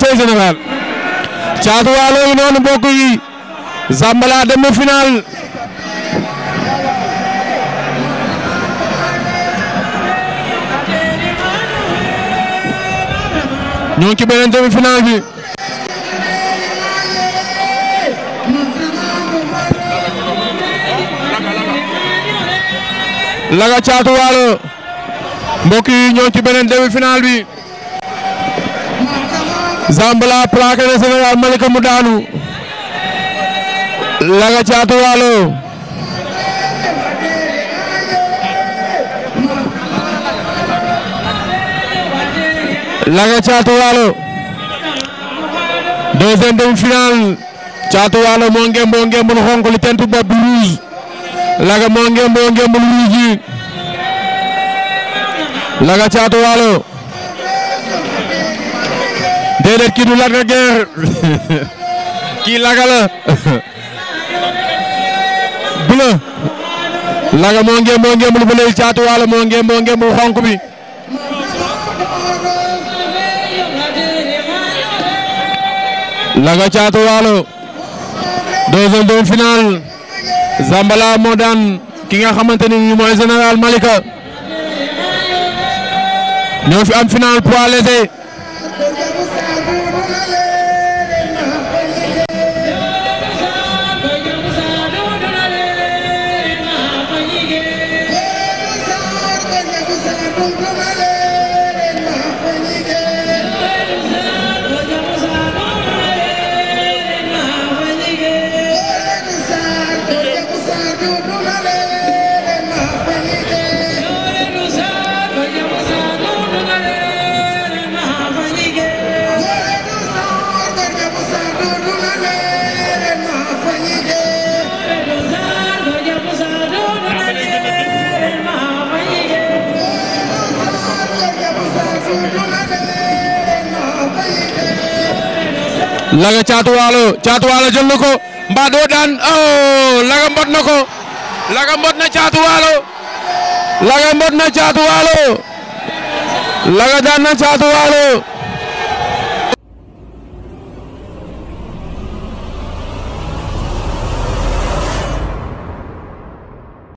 cey général caatu waalo yi noonu mbokk yi Zambala ngi ci beneen demi final bi laga yi ñoo ci beneen demi bi Zambala plaqué na Sénégal Malika mu daanu. Laga Caatu Waalo. Laga Caatu Waalo. deuxième demi-finale. Caatu Waalo moo ngi ëmb ngemb li tentu bopp bi Laga moo ngi ëmb ngemb Laga Caatu Waalo. déedéet kii du Laga la bleu Laga moo ngeen moo ngeen lu bleu yi caatu waalo moo ngeen moo ngeen moo daan ki nga xamante ni mooy général Malika ñoo fi am final poids Vamos, Palmeiras! Laga Caatu Waalo Caatu Waalo jël na ko mbaa doo daan oh Laga mbot na ko Laga mbot na Caatu Waalo Laga mbot na Caatu Waalo Laga daan na Caatu Waalo